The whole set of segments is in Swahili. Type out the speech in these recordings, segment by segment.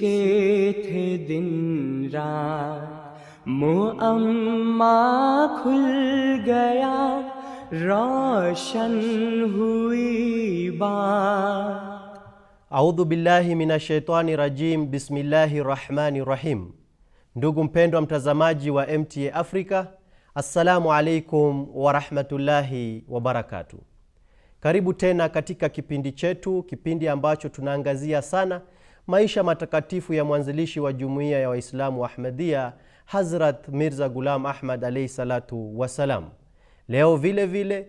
کے تھے دن थे दिन کھل گیا روشن ہوئی بات اعوذ باللہ من الشیطان الرجیم rajim. Bismillahi الرحمن الرحیم Ndugu mpendwa mtazamaji wa MTA Africa, assalamu alaikum warahmatullahi wabarakatuh. Karibu tena katika kipindi chetu, kipindi ambacho tunaangazia sana maisha matakatifu ya mwanzilishi wa jumuiya ya Waislamu wa ahmadia Hazrat Mirza gulam Ahmad alaihi salatu wassalam. Leo vile vile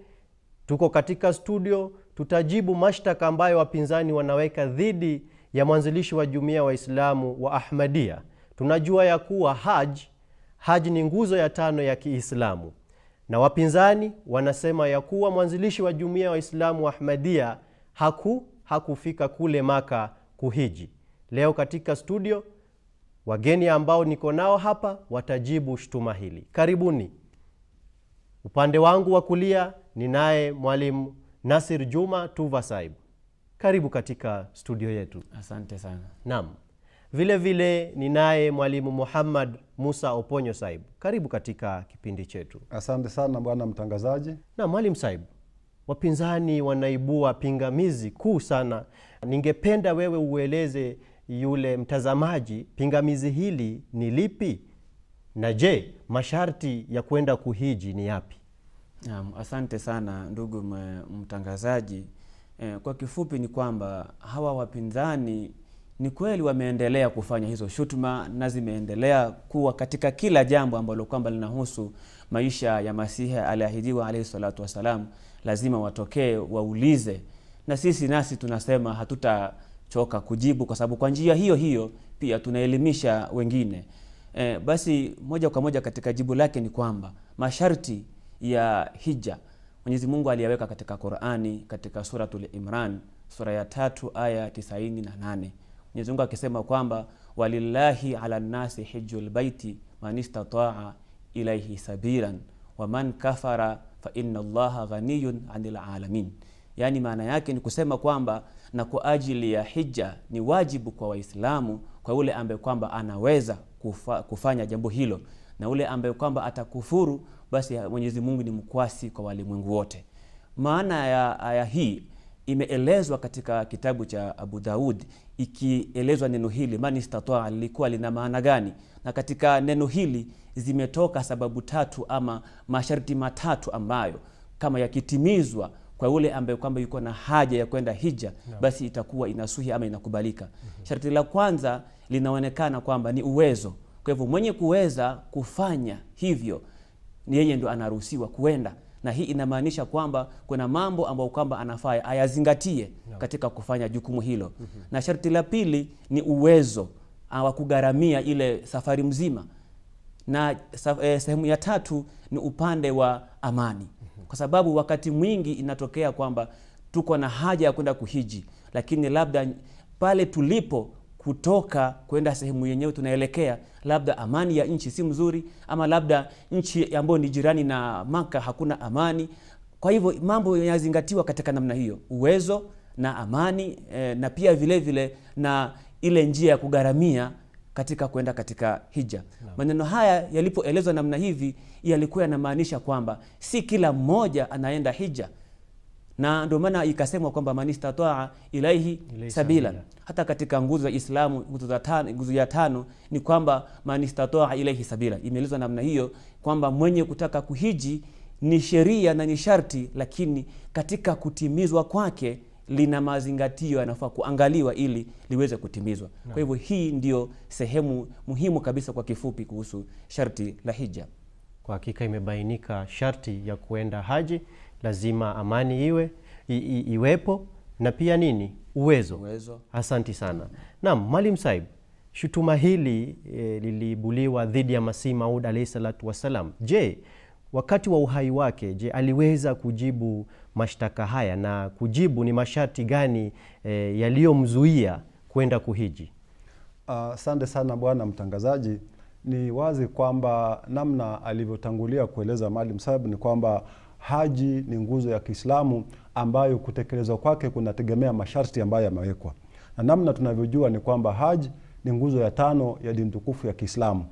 tuko katika studio, tutajibu mashtaka ambayo wapinzani wanaweka dhidi ya mwanzilishi wa jumuiya Waislamu wa ahmadia Tunajua ya kuwa haj haj ni nguzo ya tano ya Kiislamu na wapinzani wanasema ya kuwa mwanzilishi wa jumuiya ya Waislamu wa Ahmadia haku hakufika kule Maka kuhiji. Leo katika studio wageni ambao niko nao hapa watajibu shtuma hili. Karibuni. Upande wangu wa kulia ninaye mwalimu Nasir Juma Tuva Saib, karibu katika studio yetu. Asante sana. Naam. Vile vile ninaye mwalimu Muhammad Musa Oponyo Saib, karibu katika kipindi chetu. Asante sana bwana mtangazaji. Na mwalimu Saib, wapinzani wanaibua pingamizi kuu sana. Ningependa wewe ueleze yule mtazamaji pingamizi hili ni lipi, na je, masharti ya kwenda kuhiji ni yapi? Naam, asante sana ndugu mtangazaji. Eh, kwa kifupi ni kwamba hawa wapinzani ni kweli wameendelea kufanya hizo shutuma na zimeendelea kuwa katika kila jambo ambalo kwamba linahusu maisha ya Masihi aliahidiwa alaihi salatu wassalam, lazima watokee waulize, na sisi nasi tunasema hatutachoka kujibu, kwa sababu kwa njia hiyo hiyo pia tunaelimisha wengine. E, basi moja kwa moja katika jibu lake ni kwamba masharti ya hija Mwenyezi Mungu katika Qur'ani katika suratul Imran sura ya tatu aya tisaini na nane. Mwenyezi Mungu akisema kwamba walillahi ala nnasi hijjul baiti man istataa ilaihi sabiran waman kafara fa inna allaha ghaniyun anil alamin. yani maana yake ni kusema kwamba na kwa ajili ya hija ni wajibu kwa Waislamu kwa yule ambaye kwamba anaweza kufa, kufanya jambo hilo na yule ambaye kwamba atakufuru basi Mwenyezi Mungu ni mkwasi kwa walimwengu wote. Maana ya aya hii imeelezwa katika kitabu cha Abu Daud, ikielezwa neno hili man istataa lilikuwa lina maana gani, na katika neno hili zimetoka sababu tatu ama masharti matatu ambayo kama yakitimizwa kwa yule ambaye kwamba yuko na haja ya kwenda hija no. basi itakuwa inasuhi ama inakubalika. mm -hmm. Sharti la kwanza linaonekana kwamba ni uwezo. Kwa hivyo mwenye kuweza kufanya hivyo ni yeye ndo anaruhusiwa kuenda na hii inamaanisha kwamba kuna mambo ambayo kwamba anafaa ayazingatie katika kufanya jukumu hilo. mm -hmm. Na sharti la pili ni uwezo ah, wa kugharamia ile safari mzima, na eh, sehemu ya tatu ni upande wa amani, kwa sababu wakati mwingi inatokea kwamba tuko na haja ya kwenda kuhiji, lakini labda pale tulipo kutoka kwenda sehemu yenyewe tunaelekea, labda amani ya nchi si mzuri, ama labda nchi ambayo ni jirani na Maka hakuna amani. Kwa hivyo mambo yanazingatiwa katika namna hiyo, uwezo na amani e, na pia vile vile na ile njia ya kugharamia katika kwenda katika hija no. Maneno haya yalipoelezwa namna hivi yalikuwa yanamaanisha kwamba si kila mmoja anaenda hija, na ndio maana ikasemwa kwamba man istataa ilaihi sabila. Hata katika nguzo za Islamu, nguzo za tano, nguzo ya tano ni kwamba man istataa ilaihi sabila, imeelezwa namna hiyo kwamba mwenye kutaka kuhiji ni sheria na ni sharti, lakini katika kutimizwa kwake lina mazingatio yanafaa kuangaliwa ili liweze kutimizwa no. Kwa hivyo hii ndiyo sehemu muhimu kabisa kwa kifupi kuhusu sharti la hija. Kwa hakika imebainika sharti ya kuenda haji lazima amani iwe i, i, iwepo na pia nini uwezo, uwezo. Asanti sana nam mwalim Saib, shutuma hili e, lilibuliwa dhidi ya Masihi Maud alahi salatu wassalam. Je, wakati wa uhai wake, je, aliweza kujibu mashtaka haya na kujibu ni masharti gani e, yaliyomzuia kwenda kuhiji? Ah, asante uh, sana bwana mtangazaji. Ni wazi kwamba namna alivyotangulia kueleza Mwalimu Saib ni kwamba haji ni nguzo ya Kiislamu ambayo kutekelezwa kwake kunategemea masharti ambayo yamewekwa, na namna tunavyojua ni kwamba haji ni nguzo ya tano ya dini tukufu ya Kiislamu,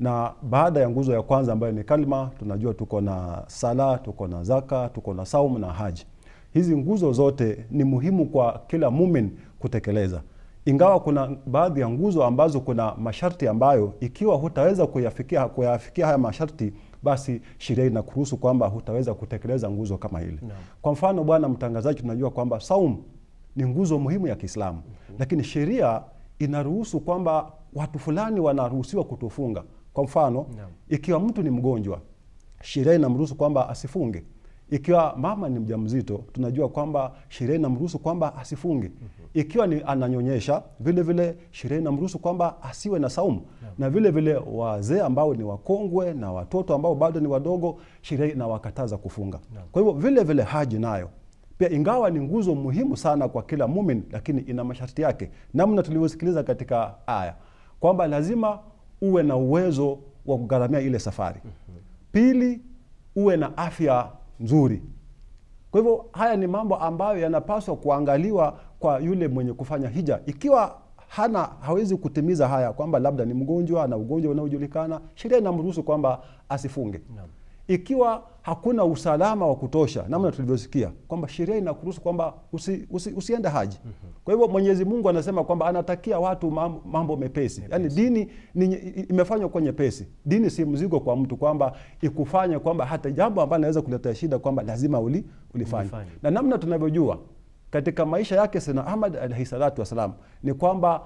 na baada ya nguzo ya kwanza ambayo ni kalma tunajua tuko na sala, tuko na zaka, tuko na saum na haji. Hizi nguzo zote ni muhimu kwa kila mumin kutekeleza, ingawa kuna baadhi ya nguzo ambazo kuna masharti ambayo ikiwa hutaweza kuyafikia kuyafikia haya masharti basi sheria inakuruhusu kwamba hutaweza kutekeleza nguzo kama ile. No. Kwa mfano, bwana mtangazaji, tunajua kwamba saum ni nguzo muhimu ya Kiislamu. Mm -hmm. Lakini sheria inaruhusu kwamba watu fulani wanaruhusiwa kutofunga. Kwa mfano, no. Ikiwa mtu ni mgonjwa, sheria inamruhusu kwamba asifunge ikiwa mama ni mjamzito, tunajua kwamba sheria inamruhusu kwamba asifunge. Ikiwa ni ananyonyesha, vile vile sheria inamruhusu kwamba asiwe na saumu. Na vile vile wazee ambao ni wakongwe na watoto ambao bado ni wadogo, sheria inawakataza kufunga. Kwa hivyo vile vile haji nayo pia ingawa ni nguzo muhimu sana kwa kila mumin, lakini ina masharti yake, namna tulivyosikiliza katika aya kwamba lazima uwe na uwezo wa kugharamia ile safari. Mhm. Pili, uwe na afya nzuri. Kwa hivyo haya ni mambo ambayo yanapaswa kuangaliwa kwa yule mwenye kufanya hija, ikiwa hana hawezi kutimiza haya, kwamba labda ni mgonjwa na ugonjwa unaojulikana, sheria inamruhusu kwamba asifunge no ikiwa hakuna usalama wa kutosha, namna tulivyosikia kwamba sheria inakuruhusu kwamba usi, usi, usiende haji. Mhm. Kwa hivyo Mwenyezi Mungu anasema kwamba anatakia watu mambo mepesi, yaani dini ni, imefanywa kwa nyepesi. Dini si mzigo kwa mtu kwamba ikufanye kwamba hata jambo ambalo linaweza kuleta shida kwamba lazima uli, ulifanye. Na namna tunavyojua katika maisha yake Sayyidna Ahmad alaihi salatu wassalam ni kwamba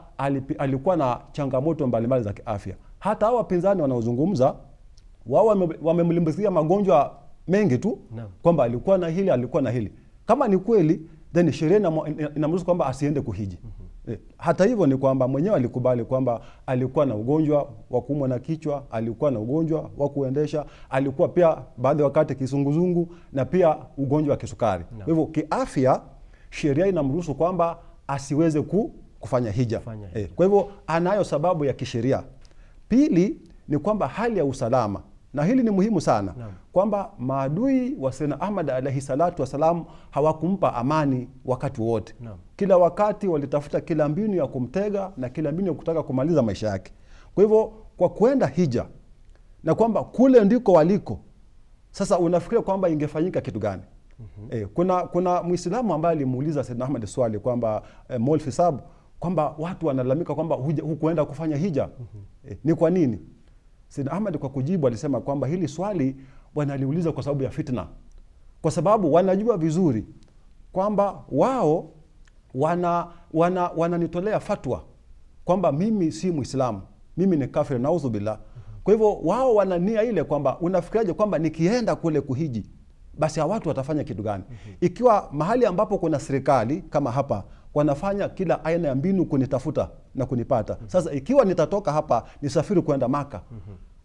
alikuwa na changamoto mbalimbali za kiafya. Hata hao wapinzani wanaozungumza wao wame magonjwa mengi tu no. kwamba alikuwa na hili alikuwa na hili. Kama ni kweli then sheria inamruhusu kwamba asiende kuhiji. mm -hmm. Hata hivyo ni kwamba mwenyewe alikubali kwamba alikuwa na ugonjwa wa kuumwa na kichwa, alikuwa na ugonjwa wa kuendesha, alikuwa pia baadhi wakati kisunguzungu na pia ugonjwa wa kisukari. Kwa hivyo kiafya sheria inamruhusu kwamba asiweze ku, kufanya hija, eh, hija. E, kwa hivyo anayo sababu ya kisheria. Pili ni kwamba hali ya usalama na hili ni muhimu sana kwamba maadui wa sena Ahmad alaihi salatu wassalam hawakumpa amani wakati wote Kila wakati walitafuta kila mbinu ya kumtega na kila mbinu ya kutaka kumaliza maisha yake. Kwa hivyo kwa kuenda hija na kwamba kule ndiko waliko sasa, unafikiria kwamba ingefanyika kitu gani? mm -hmm. E, kuna, kuna Mwislamu ambaye alimuuliza Sayyidina Ahmad swali kwamba e, eh, molfisab kwamba watu wanalalamika kwamba hukuenda kufanya hija mm -hmm. E, ni kwa nini? Sayyid Ahmad kwa kujibu alisema kwamba hili swali wanaliuliza kwa sababu ya fitna, kwa sababu wanajua vizuri kwamba wao wananitolea wana, wana fatwa kwamba mimi si Muislamu, mimi ni kafiri, naudhu billah. Kwa hivyo wao wana nia ile kwamba unafikiraje kwamba nikienda kule kuhiji basi hawa watu watafanya kitu gani? Mm-hmm. Ikiwa mahali ambapo kuna serikali kama hapa wanafanya kila aina ya mbinu kunitafuta na kunipata. Sasa ikiwa nitatoka hapa nisafiri kwenda Maka,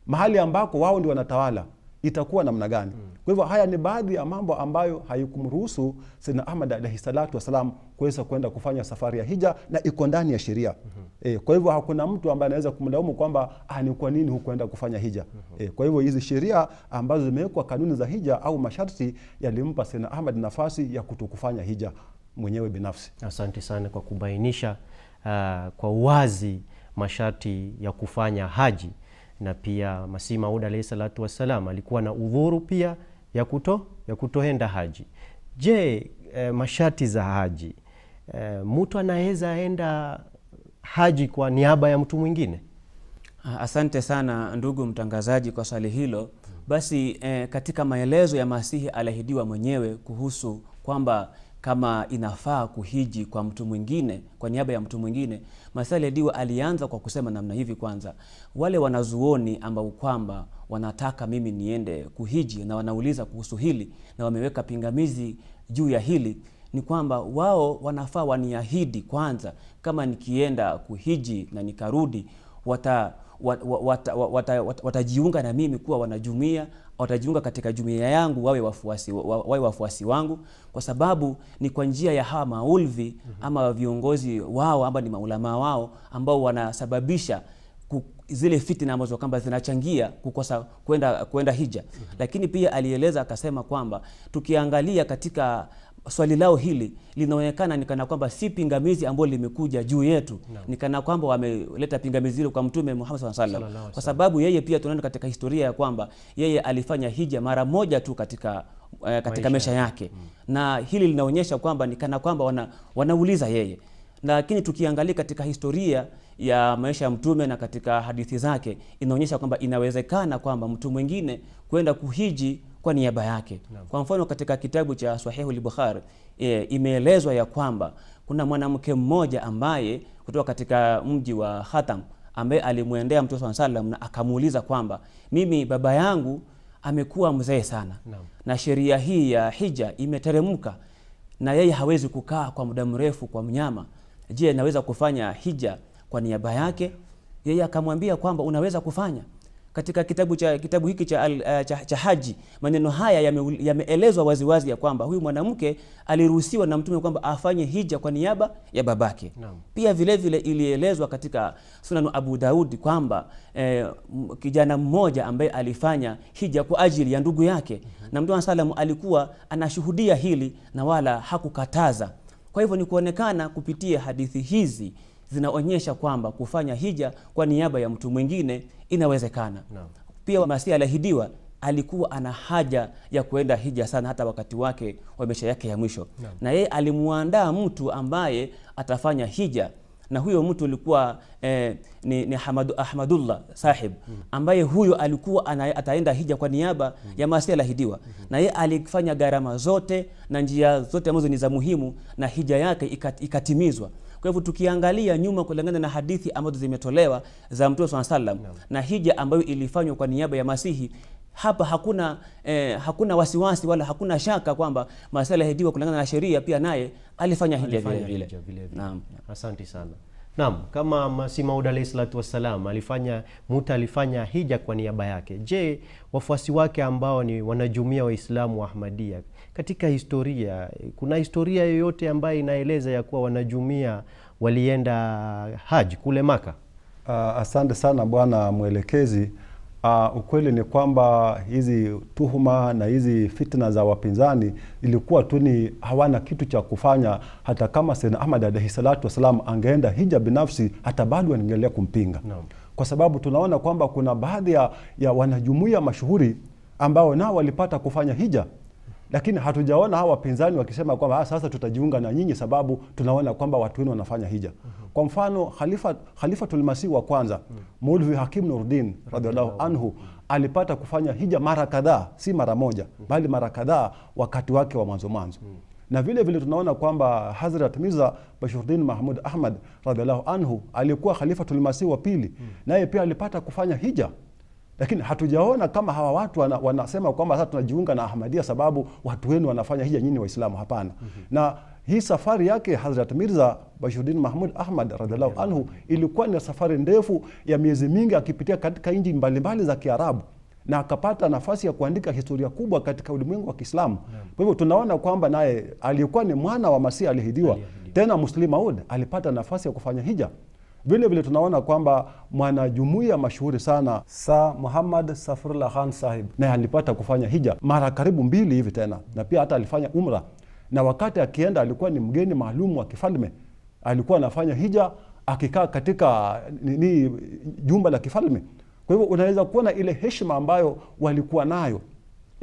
mahali ambako wao ndi wanatawala itakuwa namna gani? Mm. Kwa hivyo haya ni baadhi ya mambo ambayo haikumruhusu Sayyidna Ahmad alaihi salatu wassalam kuweza kwenda kufanya safari ya hija na iko ndani ya sheria. Mm -hmm. E, kwa hivyo hakuna mtu ambaye anaweza kumlaumu kwamba ah, ni kwa nini hukuenda kufanya hija. Mm -hmm. E, kwa hivyo hizi sheria ambazo zimewekwa kanuni za hija au masharti yalimpa Sayyidna Ahmad nafasi ya kutokufanya hija mwenyewe binafsi. Asante sana kwa kubainisha uh, kwa uwazi masharti ya kufanya haji, na pia Masihi Maud alahi salatu wassalam alikuwa na udhuru pia ya, kuto, ya kutoenda haji. Je, eh, masharti za haji eh, mtu anaweza enda haji kwa niaba ya mtu mwingine? Ah, asante sana ndugu mtangazaji kwa swali hilo. Basi eh, katika maelezo ya Masihi alahidiwa mwenyewe kuhusu kwamba kama inafaa kuhiji kwa mtu mwingine kwa niaba ya mtu mwingine. Masale Diwa alianza kwa kusema namna hivi: kwanza, wale wanazuoni ambao kwamba wanataka mimi niende kuhiji na wanauliza kuhusu hili na wameweka pingamizi juu ya hili ni kwamba wao wanafaa waniahidi kwanza, kama nikienda kuhiji na nikarudi wata wat, wat, wat, wat, watajiunga na mimi kuwa wanajumuia, watajiunga katika jumuia yangu wawe wafuasi, wawe wafuasi wangu, kwa sababu ni kwa njia ya hawa maulvi mhm. ama viongozi wao ambao ni maulamaa wao ambao wanasababisha zile fitina ambazo kwamba zinachangia kukosa kwenda kwenda hija. Mhm. Lakini pia alieleza akasema kwamba tukiangalia katika swali lao hili linaonekana nikana kwamba si pingamizi ambalo limekuja juu yetu no. kana kwamba wameleta pingamizi hilo kwa Mtume Muhammad sallallahu alaihi wasallam, kwa sababu yeye pia tunaona katika historia ya kwamba yeye alifanya hija mara moja tu katika uh, katika maisha, yake mm. Na hili linaonyesha kwamba nikana kwamba wana, wanauliza yeye, lakini tukiangalia katika historia ya maisha ya Mtume na katika hadithi zake inaonyesha kwamba inawezekana kwamba mtu mwingine kwenda kuhiji kwa niaba yake. Kwa mfano katika kitabu cha Sahihu al-Bukhari e, imeelezwa ya kwamba kuna mwanamke mmoja ambaye kutoka katika mji wa Khatam ambaye alimwendea Mtume swalla salam na akamuuliza kwamba mimi baba yangu amekuwa mzee sana na, na sheria hii ya hija imeteremka na yeye hawezi kukaa kwa muda mrefu kwa mnyama. Je, naweza kufanya hija kwa niaba yake yeye akamwambia kwamba unaweza kufanya katika kitabu cha kitabu hiki cha, uh, cha, cha haji maneno haya yameelezwa yame waziwazi ya kwamba huyu mwanamke aliruhusiwa na mtume kwamba afanye hija kwa niaba ya babake no. pia vile vile ilielezwa katika sunanu abu daudi kwamba eh, kijana mmoja ambaye alifanya hija kwa ajili ya ndugu yake mm -hmm. na mtume salam alikuwa anashuhudia hili na wala hakukataza kwa hivyo ni kuonekana kupitia hadithi hizi zinaonyesha kwamba kufanya hija kwa niaba ya mtu mwingine inawezekana no. Pia Masihi aliahidiwa alikuwa ana haja ya kuenda hija sana hata wakati wake wa maisha yake ya mwisho no. Na yeye alimwandaa mtu ambaye atafanya hija na huyo mtu ulikuwa eh, ni, ni Hamadu, Ahmadullah Sahib mm. ambaye huyo alikuwa ana, ataenda hija kwa niaba mm. ya Masihi alahidiwa mm -hmm. na yeye alifanya gharama zote na njia zote ambazo ni za muhimu na hija yake ikat, ikatimizwa. Kwa hivyo tukiangalia nyuma kulingana na hadithi ambazo zimetolewa za Mtume swalla salam no. na hija ambayo ilifanywa kwa niaba ya Masihi hapa hakuna eh, hakuna wasiwasi wala hakuna shaka kwamba masala hidiwa kulingana na sheria pia naye alifanya hija vile vile. Naam, asante sana. Naam, kama Masih Maud alayhi salatu wassalam alifanya muta alifanya hija kwa niaba yake, je, wafuasi wake ambao ni wanajumuia Waislamu wa Ahmadiyya katika historia, kuna historia yoyote ambayo inaeleza ya kuwa wanajumia walienda haji kule Maka? Uh, asante sana bwana mwelekezi. Uh, ukweli ni kwamba hizi tuhuma na hizi fitna za wapinzani ilikuwa tu ni hawana kitu cha kufanya. Hata kama Sayyidna Ahmad alaihi salatu wassalam angeenda hija binafsi, hata bado wanaendelea kumpinga no. Kwa sababu tunaona kwamba kuna baadhi ya, ya wanajumuia mashuhuri ambao nao walipata kufanya hija lakini hatujaona hawa wapinzani wakisema kwamba ah, sasa tutajiunga na nyinyi sababu tunaona kwamba watu wenu wanafanya hija. mm -hmm. Kwa mfano Khalifa Khalifa Masih wa kwanza mm -hmm. Maulvi Hakim Nurdin radhiallahu anhu alipata kufanya hija mara kadhaa, si mara moja mm -hmm. bali mara kadhaa wakati wake wa mwanzo mwanzo mm -hmm na vile vile tunaona kwamba Hazrat Mirza Bashiruddin Mahmud Ahmad radhiallahu anhu alikuwa Khalifa Masih wa pili, mhm. naye pia alipata kufanya hija lakini hatujaona kama hawa watu wana, wanasema kwamba sasa tunajiunga na Ahmadiyya sababu watu wenu wanafanya hija nyinyi Waislamu. Hapana. mm -hmm. na hii safari yake Hazrat Mirza Bashiruddin Mahmud Ahmad radhiallahu anhu ilikuwa ni safari ndefu ya miezi mingi akipitia katika nchi mbalimbali za Kiarabu na akapata nafasi ya kuandika historia kubwa katika ulimwengu wa Kiislamu. Kwa hivyo tunaona kwamba naye aliyekuwa ni mwana wa Masihi aliyeahidiwa, tena Muslim Maud alipata nafasi ya kufanya hija. Vile vile tunaona kwamba mwanajumuiya mashuhuri sana Sa Muhammad Safrullah Khan Sahib naye alipata kufanya hija mara karibu mbili hivi tena, na pia hata alifanya umra, na wakati akienda alikuwa ni mgeni maalum wa kifalme. Alikuwa anafanya hija akikaa katika nini, jumba la kifalme. Kwa hivyo unaweza kuona ile heshima ambayo walikuwa nayo,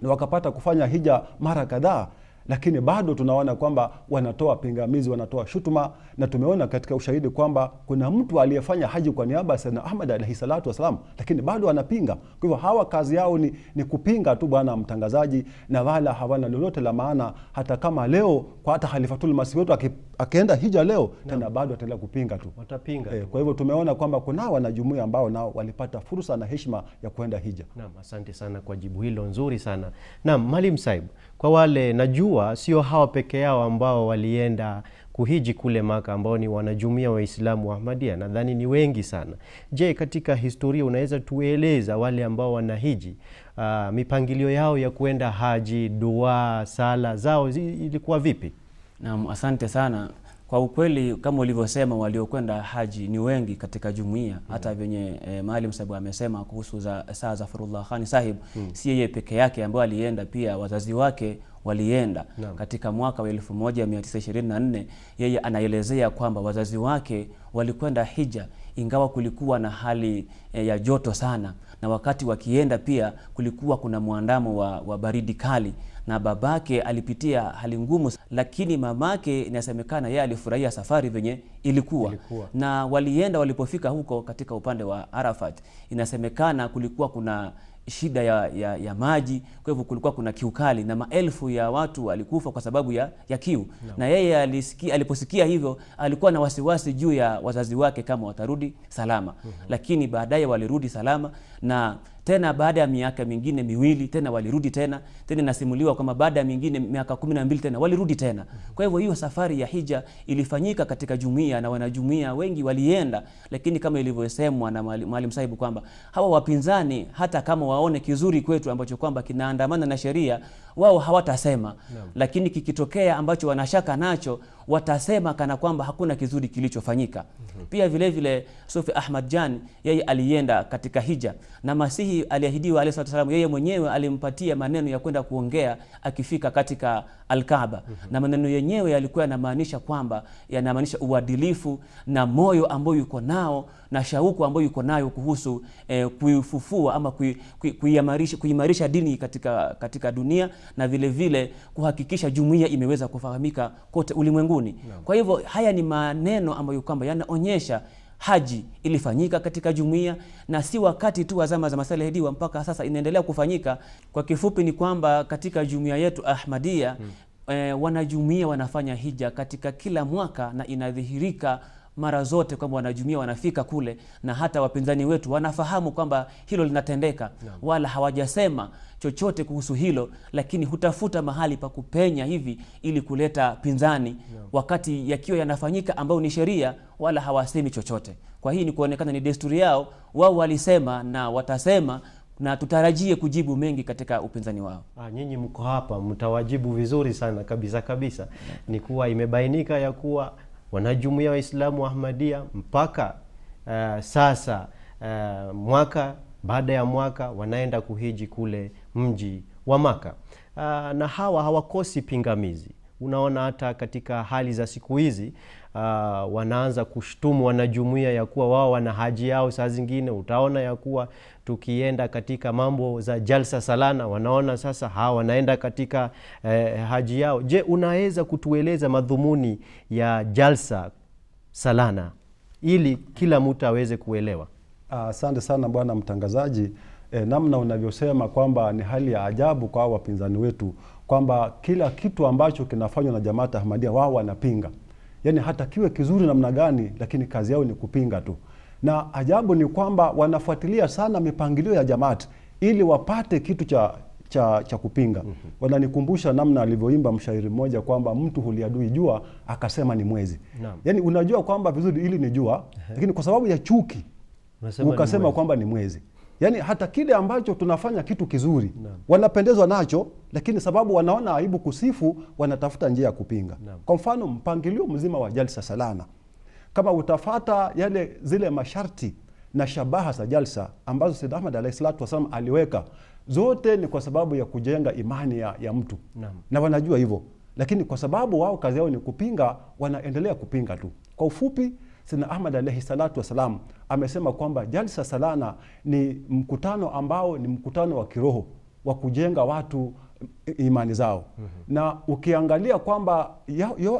na wakapata kufanya hija mara kadhaa lakini bado tunaona kwamba wanatoa pingamizi, wanatoa shutuma, na tumeona katika ushahidi kwamba kuna mtu aliyefanya haji kwa niaba ya Ahmad alaihi salatu wassalam, lakini bado wanapinga Kwa hivyo hawa kazi yao ni, ni kupinga tu, bwana mtangazaji, na wala hawana lolote la maana, hata kama leo kwa hata halifatulmasi wetu akienda hija leo tena bado ataendelea kupinga tu, watapinga e, Kwa hivyo tumeona kwamba kuna wanajumuiya ambao nao walipata fursa na heshima ya kuenda hija. Naam, asante sana kwa jibu hilo nzuri sana. Naam, Mwalimu saibu kwa wale najua sio hawa peke yao ambao walienda kuhiji kule Maka ambao ni wanajumuiya Waislamu wa ahmadia nadhani ni wengi sana. Je, katika historia unaweza tueleza wale ambao wanahiji uh, mipangilio yao ya kuenda haji, dua, sala zao ilikuwa vipi? Naam, asante sana. Kwa ukweli kama ulivyosema, waliokwenda haji ni wengi katika jumuiya mm. hata vyenye venye e, Maalim Sabu amesema kuhusu za saa Farullah Khan Sahib hmm. si yeye peke yake ambaye alienda, pia wazazi wake walienda no. Katika mwaka wa 1924 yeye anaelezea kwamba wazazi wake walikwenda hija, ingawa kulikuwa na hali e, ya joto sana, na wakati wakienda pia kulikuwa kuna mwandamo wa, wa baridi kali na babake alipitia hali ngumu, lakini mamake inasemekana yeye alifurahia safari venye ilikuwa. ilikuwa na walienda. Walipofika huko katika upande wa Arafat, inasemekana kulikuwa kuna shida ya, ya, ya maji. Kwa hivyo kulikuwa kuna kiu kali na maelfu ya watu walikufa kwa sababu ya, ya kiu no. Na yeye alisikia, aliposikia hivyo alikuwa na wasiwasi juu ya wazazi wake kama watarudi salama mm -hmm. Lakini baadaye walirudi salama na tena baada ya miaka mingine miwili tena walirudi tena, tena inasimuliwa kwamba baada ya mingine miaka kumi na mbili tena walirudi tena. Kwa hivyo hiyo safari ya hija ilifanyika katika jumuiya na wanajumuiya wengi walienda, lakini kama ilivyosemwa na mwalim Saibu kwamba hawa wapinzani hata kama waone kizuri kwetu ambacho kwamba kinaandamana na sheria, wao hawatasema no. Lakini kikitokea ambacho wanashaka nacho watasema kana kwamba hakuna kizuri kilichofanyika. mm -hmm. Pia vile vile Sufi Ahmad Jan yeye alienda katika hija na Masihi aliahidiwa alayhi salatu wasalam, yeye mwenyewe alimpatia maneno ya kwenda kuongea akifika katika Alkaaba. mm -hmm. Na maneno yenyewe yalikuwa yanamaanisha kwamba yanamaanisha uadilifu na moyo ambao yuko nao na shauku ambayo yuko nayo kuhusu eh, kuifufua ama kuimarisha kui, kui dini katika, katika dunia na vile vile kuhakikisha jumuiya imeweza kufahamika kote ulimwengu mbinguni. Kwa hivyo haya ni maneno ambayo kwamba yanaonyesha haji ilifanyika katika jumuiya na si wakati tu wa zama za Masalehidiwa, mpaka sasa inaendelea kufanyika. Kwa kifupi ni kwamba katika jumuiya yetu Ahmadia hmm. E, wanajumuiya wanafanya hija katika kila mwaka na inadhihirika mara zote kwamba wanajumia wanafika kule, na hata wapinzani wetu wanafahamu kwamba hilo linatendeka no. wala hawajasema chochote kuhusu hilo, lakini hutafuta mahali pa kupenya hivi ili kuleta pinzani no. wakati yakiwa yanafanyika ambayo ni sheria, wala hawasemi chochote. Kwa hii ni kuonekana ni desturi yao, wao walisema na watasema na tutarajie kujibu mengi katika upinzani wao. Ah, nyinyi mko hapa mtawajibu vizuri sana kabisa kabisa. Ni kuwa imebainika ya kuwa wanajumuia Waislamu wa Ahmadia mpaka uh, sasa uh, mwaka baada ya mwaka wanaenda kuhiji kule mji wa Maka. Uh, ah, na hawa hawakosi pingamizi. Unaona hata katika hali za siku hizi uh, wanaanza kushtumu wanajumuia ya kuwa wao wana haji yao, saa zingine utaona ya kuwa tukienda katika mambo za jalsa salana, wanaona sasa hawa wanaenda katika eh, haji yao. Je, unaweza kutueleza madhumuni ya jalsa salana ili kila mtu aweze kuelewa? Asante ah, sana bwana mtangazaji. E, namna unavyosema kwamba ni hali ya ajabu kwa wapinzani wetu kwamba kila kitu ambacho kinafanywa na Jamaat ahmadia wao wanapinga, yaani hata kiwe kizuri namna gani, lakini kazi yao ni kupinga tu na ajabu ni kwamba wanafuatilia sana mipangilio ya Jamaat ili wapate kitu cha cha, cha kupinga. mm -hmm. Wananikumbusha namna alivyoimba mshairi mmoja kwamba mtu huliadui jua akasema ni mwezi. Naam. Yani unajua kwamba vizuri ili ni jua, lakini kwa sababu ya chuki Nasema ukasema kwamba ni mwezi. Yani hata kile ambacho tunafanya kitu kizuri Naam. wanapendezwa nacho, lakini sababu wanaona aibu kusifu, wanatafuta njia ya kupinga Naam. Kwa mfano mpangilio mzima wa jalsa salana kama utafata yale zile masharti na shabaha za jalsa ambazo said Ahmad alayhi salatu aliweka, zote ni kwa sababu ya kujenga imani ya, ya mtu na, na wanajua hivyo, lakini kwa sababu wao kazi yao ni kupinga, wanaendelea kupinga tu. Kwa ufupi, Sayyid Ahmad alayhi salatu wassalam amesema kwamba jalsa salana ni mkutano ambao ni mkutano wa kiroho wa kujenga watu imani zao mm -hmm. na ukiangalia kwamba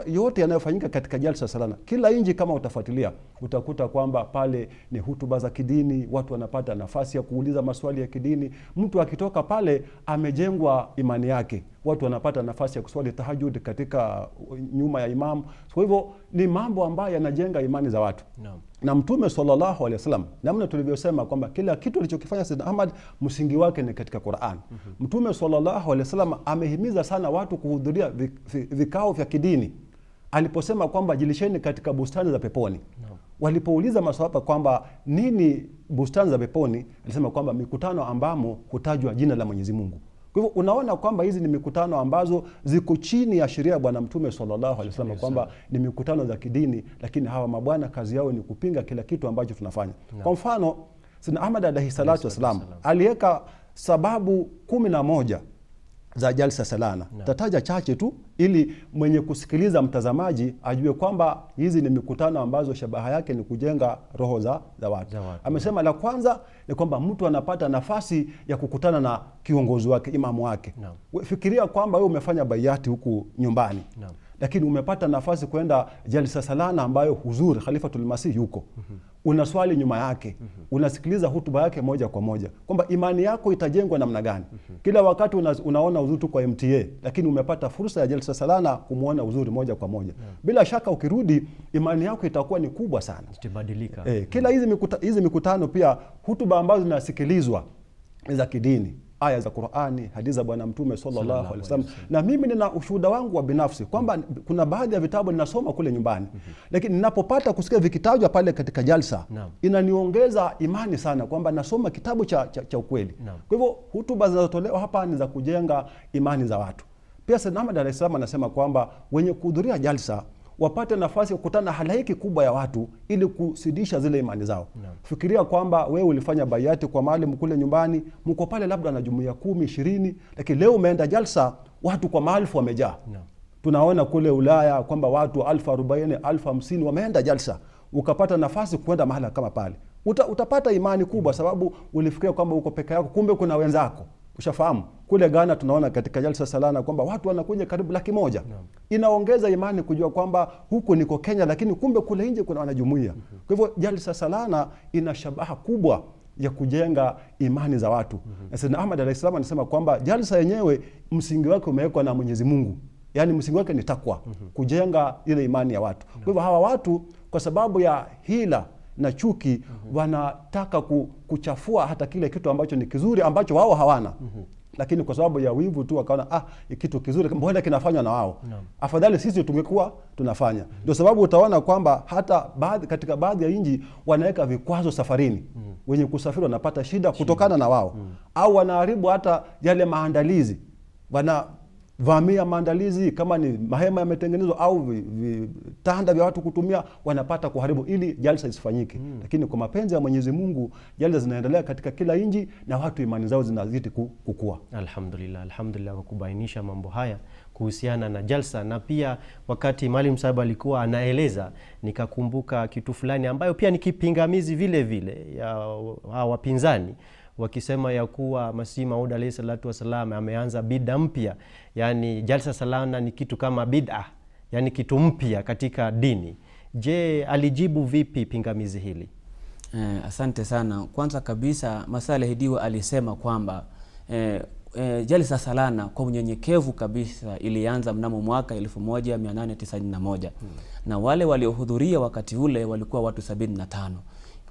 yote yanayofanyika katika jalsa salana, kila nji kama utafuatilia utakuta kwamba pale ni hutuba za kidini, watu wanapata nafasi ya kuuliza maswali ya kidini. Mtu akitoka pale amejengwa imani yake, watu wanapata nafasi ya kuswali tahajud katika nyuma ya imamu. Kwa hivyo ni mambo ambayo yanajenga imani za watu no. na Mtume sallallahu alaihi wasallam, namna tulivyosema kwamba kila kitu alichokifanya Sayyid Ahmad msingi wake ni katika Qur'an. mm -hmm. Mtume sallallahu alaihi salam amehimiza sana watu kuhudhuria vikao vya kidini aliposema kwamba jilisheni katika bustani za peponi no. Walipouliza maswahaba kwamba nini bustani za peponi, alisema kwamba mikutano ambamo hutajwa jina la Mwenyezi Mungu. Kwa hivyo unaona kwamba hizi ni mikutano ambazo ziko chini ya sheria ya Bwana Mtume sallallahu alaihi wasallam kwamba ni mikutano za kidini, lakini hawa mabwana kazi yao ni kupinga kila kitu ambacho tunafanya no. Kwa mfano Sina Ahmad alaihi salatu wassalam aliweka sababu kumi na moja za jalsa salana no. Tataja chache tu ili mwenye kusikiliza mtazamaji ajue kwamba hizi ni mikutano ambazo shabaha yake ni kujenga roho za, za watu. Amesema la kwanza ni kwamba mtu anapata nafasi ya kukutana na kiongozi wake, imamu wake no. Fikiria kwamba wewe umefanya baiati huku nyumbani no lakini umepata nafasi kwenda jalsa salana ambayo huzuri Khalifatul yuko mm -hmm. unaswali nyuma yake mm -hmm. unasikiliza hutuba yake moja kwa moja, kwamba imani yako itajengwa namna gani? mm -hmm. Kila wakati una, unaona uzuri tu kwa MTA, lakini umepata fursa ya jalsa salana kumwona uzuri moja kwa moja yeah. Bila shaka ukirudi, imani yako itakuwa ni kubwa sana, e, kila hizi mikuta, hizi mikutano pia hutuba ambazo zinasikilizwa za kidini aya za Qur'ani, hadithi za Bwana Mtume sallallahu alaihi wasallam. Na mimi nina ushuhuda wangu wa binafsi kwamba kuna baadhi ya vitabu ninasoma kule nyumbani mm -hmm. lakini ninapopata kusikia vikitajwa pale katika jalsa inaniongeza imani sana kwamba nasoma kitabu cha, cha, cha ukweli kwa hivyo hutuba zinazotolewa hapa ni za kujenga imani za watu. Pia senamad Ahmad anasema kwamba wenye kuhudhuria jalsa wapate nafasi ya kukutana na halaiki kubwa ya watu ili kusidisha zile imani zao. No. Fikiria kwamba wewe ulifanya baiati kwa maalim kule nyumbani, mko pale labda na jumuiya kumi ishirini, lakini leo umeenda jalsa, watu kwa maalfu wamejaa. No. Tunaona kule Ulaya kwamba watu alfu arobaini alfu hamsini wameenda jalsa, ukapata nafasi kwenda mahala kama pale, uta, utapata imani kubwa, sababu ulifikiria kwamba uko peke yako, kumbe kuna wenzako. Ushafahamu? Kule Ghana tunaona katika Jalsa Salana kwamba watu wanakuja karibu laki moja. yeah. Inaongeza imani kujua kwamba huku niko Kenya lakini kumbe kule nje kuna wanajumuia. Mm -hmm. Kwa hivyo Jalsa Salana ina shabaha kubwa ya kujenga imani za watu. Mm -hmm. Na Ahmad alayhi anasema kwamba Jalsa yenyewe msingi wake umewekwa na Mwenyezi Mungu. Yaani msingi wake ni takwa, mm -hmm. kujenga ile imani ya watu. yeah. Kwa hivyo hawa watu kwa sababu ya hila na chuki mm -hmm. wanataka kuchafua hata kile kitu ambacho ni kizuri ambacho wao hawana mm -hmm. Lakini kwa sababu ya wivu tu wakaona ah, kitu kizuri mbona kinafanywa na wao no. Afadhali sisi tungekuwa tunafanya ndio. mm -hmm. Sababu utaona kwamba hata baadhi, katika baadhi ya nji wanaweka vikwazo safarini. mm -hmm. Wenye kusafiri wanapata shida, shida kutokana na wao mm -hmm. Au wanaharibu hata yale maandalizi wana vamia maandalizi, kama ni mahema yametengenezwa au vitanda vya watu kutumia, wanapata kuharibu ili jalsa isifanyike. Mm. Lakini kwa mapenzi ya Mwenyezi Mungu jalsa zinaendelea katika kila nji na watu imani zao zinazidi kukua. Alhamdulillah, alhamdulillah kwa kubainisha mambo haya kuhusiana na jalsa, na pia wakati mwalimu saba alikuwa anaeleza, nikakumbuka kitu fulani ambayo pia ni kipingamizi vile vile ya wapinzani wakisema ya kuwa Masihi Maud alaihi salatu wassalam ameanza bida mpya, yani jalsa salana ni kitu kama bida, yani kitu mpya katika dini. Je, alijibu vipi pingamizi hili? Eh, asante sana. Kwanza kabisa Masihi aliahidiwa alisema kwamba eh, eh, jalsa salana kwa unyenyekevu kabisa ilianza mnamo mwaka 1891 hmm. na wale waliohudhuria wakati ule walikuwa watu 75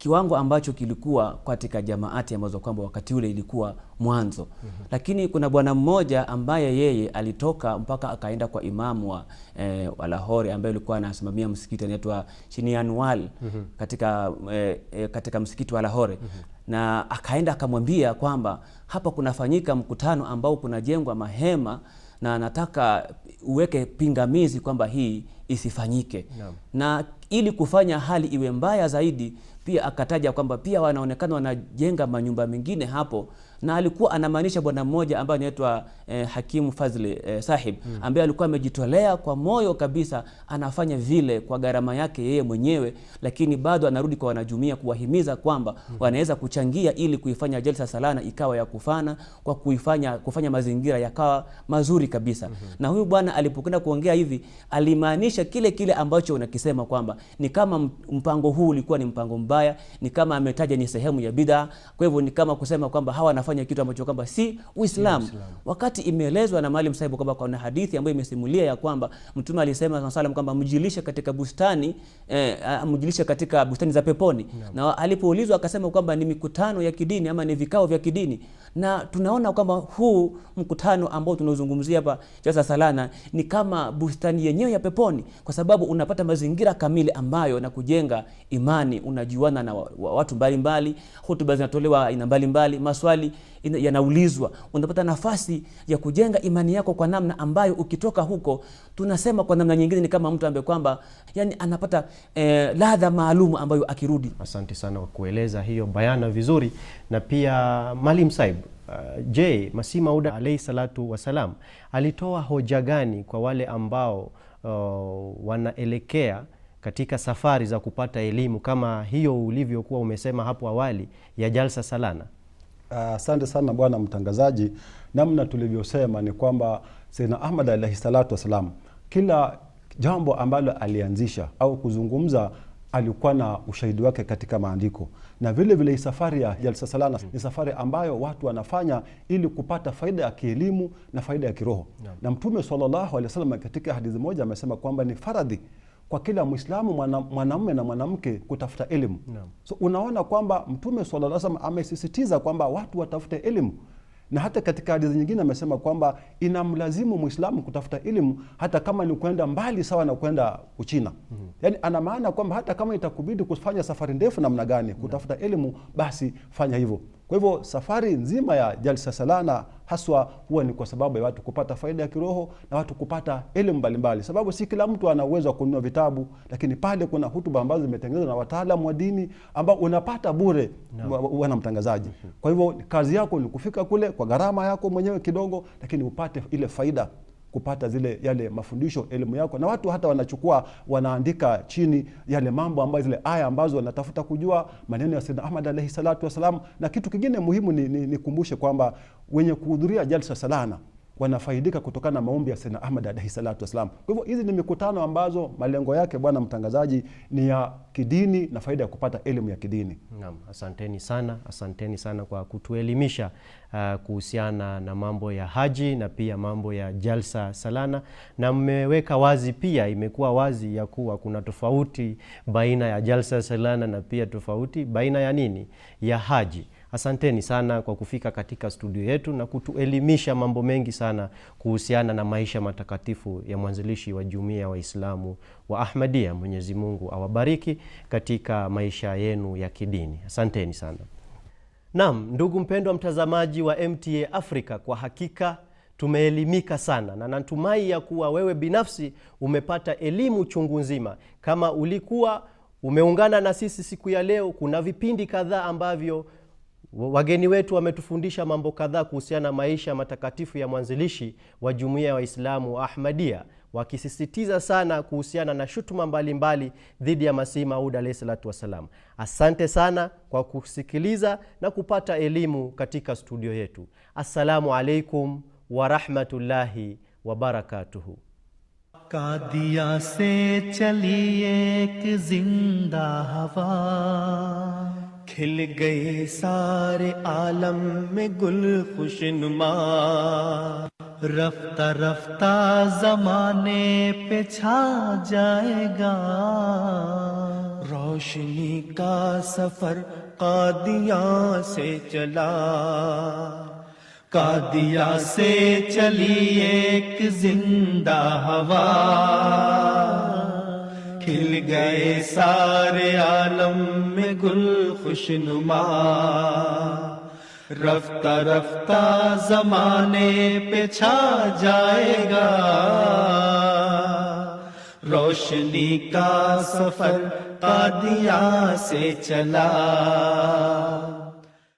kiwango ambacho kilikuwa katika jamaati ambazo kwamba wakati ule ilikuwa mwanzo mm -hmm. Lakini kuna bwana mmoja ambaye yeye alitoka mpaka akaenda kwa imamu wa, eh, Lahore ambaye alikuwa anasimamia msikiti anaitwa Shinianwal mm -hmm. katika, eh, eh, katika msikiti wa Lahore mm -hmm. na akaenda akamwambia kwamba hapa kunafanyika mkutano ambao kunajengwa mahema na anataka uweke pingamizi kwamba hii isifanyike no. na ili kufanya hali iwe mbaya zaidi pia akataja kwamba pia wanaonekana wanajenga manyumba mengine hapo na alikuwa anamaanisha bwana mmoja ambaye anaitwa eh, Hakimu Fazli eh, Sahib mm. ambaye alikuwa amejitolea kwa moyo kabisa, anafanya vile kwa gharama yake yeye mwenyewe, lakini bado anarudi kwa wanajumuia kuwahimiza kwamba mm. wanaweza kuchangia ili kuifanya Jalsa Salana ikawa ya kufana kwa kuifanya kufanya mazingira yakawa mazuri kabisa mm -hmm. na huyu bwana alipokwenda kuongea hivi alimaanisha kile kile ambacho unakisema kwamba ni kama mpango huu ulikuwa ni mpango mbaya, ni kama ametaja ni sehemu ya bidhaa, kwa hivyo ni kama kusema kwamba hawa nafanya kufanya kitu ambacho kwamba si Uislamu, yeah, wakati imeelezwa na Maalim Sahibu kwamba kuna hadithi ambayo imesimulia ya kwamba Mtume alisema salam kwamba mjilishe katika bustani eh, ah, mjilishe katika bustani za peponi yeah. Na alipoulizwa akasema kwamba ni mikutano ya kidini ama ni vikao vya kidini na tunaona kwamba huu mkutano ambao tunaozungumzia hapa Chasa Salana ni kama bustani yenyewe ya peponi, kwa sababu unapata mazingira kamili ambayo na kujenga imani, unajuana na watu mbalimbali, hotuba zinatolewa aina mbalimbali, maswali yanaulizwa, unapata nafasi ya kujenga imani yako kwa namna ambayo ukitoka huko, tunasema kwa namna nyingine ni kama mtu ambaye kwamba yani anapata eh, ladha maalum ambayo akirudi. Asante sana kwa kueleza hiyo bayana vizuri, na pia mwalimu Saib, Uh, je, Masih Mauda alaihi salatu wassalam alitoa hoja gani kwa wale ambao uh, wanaelekea katika safari za kupata elimu kama hiyo ulivyokuwa umesema hapo awali ya Jalsa Salana? Asante uh, sana bwana mtangazaji. Namna tulivyosema ni kwamba Sayyidna Ahmad alaihi salatu wassalam, kila jambo ambalo alianzisha au kuzungumza alikuwa na ushahidi wake katika maandiko, na vile vile safari ya Jalsa Salana ni safari ambayo watu wanafanya ili kupata faida ya kielimu na faida ya kiroho yeah. na Mtume sallallahu alaihi wasallam katika hadithi moja amesema kwamba ni faradhi kwa kila Mwislamu mwanamume na mwanamke kutafuta elimu yeah. So unaona kwamba Mtume sallallahu amesisitiza kwamba watu watafute elimu na hata katika hadithi nyingine amesema kwamba inamlazimu Mwislamu kutafuta elimu hata kama ni kwenda mbali sawa na kwenda Uchina. mm -hmm. Yaani ana maana kwamba hata kama itakubidi kufanya safari ndefu namna gani kutafuta elimu, basi fanya hivyo. Kwa hivyo safari nzima ya Jalsa Salana haswa huwa ni kwa sababu ya watu kupata faida ya kiroho na watu kupata elimu mbalimbali, sababu si kila mtu ana uwezo wa kununua vitabu, lakini pale kuna hutuba ambazo zimetengenezwa na wataalamu wa dini ambao unapata bure no. na mtangazaji. Kwa hivyo kazi yako ni kufika kule kwa gharama yako mwenyewe kidogo, lakini upate ile faida kupata zile yale mafundisho elimu yako, na watu hata wanachukua wanaandika chini yale mambo ambayo zile aya ambazo wanatafuta kujua maneno ya Sayyidina Ahmad alayhi salatu wasalam. Na kitu kingine muhimu nikumbushe ni, ni kwamba wenye kuhudhuria jalsa salana wanafaidika kutokana na maombi ya Sayyidna Ahmad alaihi salatu wassalam. Kwa hivyo hizi ni mikutano ambazo malengo yake, bwana mtangazaji, ni ya kidini na faida ya kupata elimu ya kidini. Naam, asanteni sana, asanteni sana kwa kutuelimisha uh, kuhusiana na mambo ya haji na pia mambo ya jalsa salana, na mmeweka wazi pia, imekuwa wazi ya kuwa kuna tofauti baina ya jalsa salana na pia tofauti baina ya nini ya haji. Asanteni sana kwa kufika katika studio yetu na kutuelimisha mambo mengi sana kuhusiana na maisha matakatifu ya mwanzilishi wa jumuiya ya Waislamu wa ahmadia Mwenyezi Mungu awabariki katika maisha yenu ya kidini. Asanteni sana. Naam, ndugu mpendwa mtazamaji wa MTA Africa, kwa hakika tumeelimika sana na natumai ya kuwa wewe binafsi umepata elimu chungu nzima. Kama ulikuwa umeungana na sisi siku ya leo, kuna vipindi kadhaa ambavyo Wageni wetu wametufundisha mambo kadhaa kuhusiana na maisha matakatifu ya mwanzilishi wa jumuiya ya Waislamu Ahmadia, wakisisitiza sana kuhusiana na shutuma mbalimbali dhidi ya Masihi Maud alahi salatu wassalam. Asante sana kwa kusikiliza na kupata elimu katika studio yetu. Assalamu alaikum warahmatullahi wabarakatuhu. کھل گئے سارے عالم میں گل خوش نما رفتہ رفتہ زمانے پہ چھا جائے گا روشنی کا سفر قادیاں سے چلا کا سے چلی ایک زندہ ہوا کھل گئے سارے عالم میں گل خوش نما رفتہ رفتہ زمانے پہ چھا جائے گا روشنی کا سفر قادیاں سے چلا